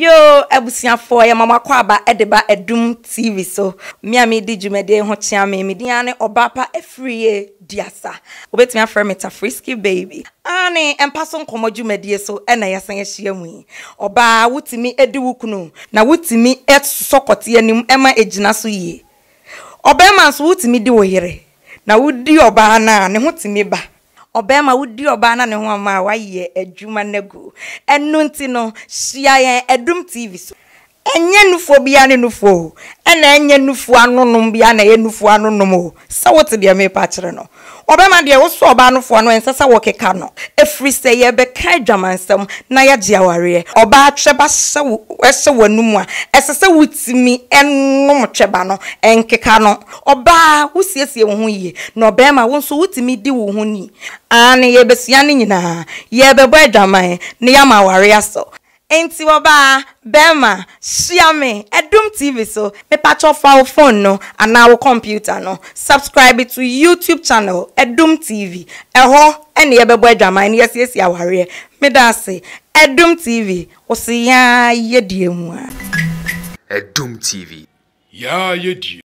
yo ebusuafoɔ yɛ mama kwaba ɛde ba ɛdum tv so mmea mi di dwumadie ho kyea me mi din ane ɔbaapa efiri yie diasa obetumi afrɛ me ta frisky baby ane mpa so nkɔmɔ dwumadie so ɛna ya ahyia mu yi ɔbaa wotumi edi wo kunu na wotumi ɛsosɔ kɔte anim ɛma egyina so yie ɔbɛrima nso wotumi di wo na wodi ɔbaa naa ne ho tumi ba. ɔbɛrima wodi ɔbaa na ne ho ama a wayɛ adwuma no agu ɛno nti hyia yɛn ɛdum tv so enye nufuo bia ne nufuo ɛna enye nufuo anonom bia na ɛyɛ nufuo anonom o sɛ wote deɛ mepa kyerɛ no ɔbɛma deɛ wosɔ ɔbaa nofoɔ no ɛnsɛ sɛ wɔkeka no ɛfiri sɛ yɛbɛka adwamansɛm na yɛgye awareɛ ɔbaa twɛba ɛhyɛ w'anom a ɛsɛ sɛ wotumi ɛnom twɛba no ɛnkeka no ɔbaa wosiesie wo ho yie na ɔbɛrima wo nso wotumi di wo ho ni aa ne yɛbɛsua no nyinaa yɛbɛbɔ adwaman na yɛama awareɛ asɔ Enti wɔbaa bɛrima hyia me ɛdum tv so mepatwɛ fa wo phone no anaa wo computer no subscribe to youtube channel ɛdum tv ɛhɔ ɛne yɛbɛbɔ adwaman no yɛsiesie awareɛ meda ase ɛdum tv wo se yɛa yɛdie mu a ɛdum tv yɛa yɛdie